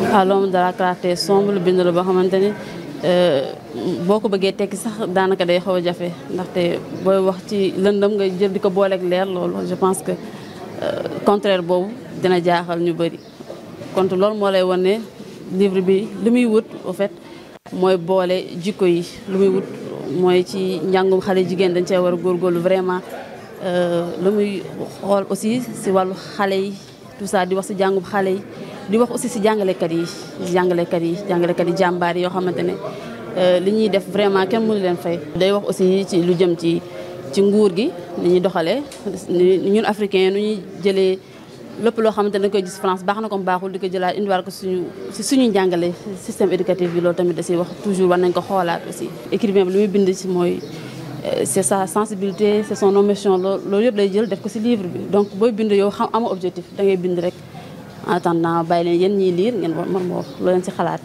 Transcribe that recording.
waaw loom de la clarté sombre bind la boo xamante ni euh, boo ko bëggee tekki sax daanaka day xaw a jafe ndaxte booy wax ci lëndëm nga jël di ko booleeg leer loolu je pense que euh, contraire boobu dina jaaxal ñu bëri. kon loolu moo lay wan livre bi li muy wut au fait mooy boole jikko yi lu muy wut mooy ci njàngum xale jigéen dañ cee war a lu vraiment. Euh, lu muy xool aussi si wàllu xale yi tout ça di wax si jàngub xale yi di wax aussi si jàngalekat yi jàngalekat yi jàngalekat yi jàmbaar yi yoo xamante ne euh, li ñuy def vraiment kenn mënu leen fay. day wax aussi ci lu jëm ci ci nguur gi ni ñuy doxalee ñun africain nu ñuy jëlee lépp loo xamante ne dañ koy gis France baax na comme baaxul di ko jëlaat indiwaat ko suñu si suñu njàngale système éducatif bi loolu tamit da siy wax toujours war nañ ko xoolaat aussi écrivain lu muy bind ci mooy. Euh, c'est sa sensibilité c'est son émotion loolu yëpp lay jël def ko ci livre bi donc booy bind yow xam amoo objectif da ngay bind rek en attendant bàyyi leen yéen ñiy lire ngeen war ma wax loo leen ci xalaat.